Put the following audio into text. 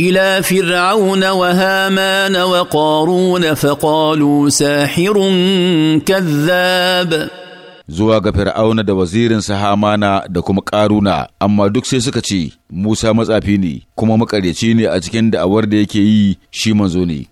الى فرعون وهامان وقارون فقالوا ساحر كذاب zuwa ga fir'auna da wazirinsa hamana da kuma ƙaruna amma duk sai suka ce musa matsafi ne kuma makaryaci ne a cikin da'awar da yake yi shi manzo ne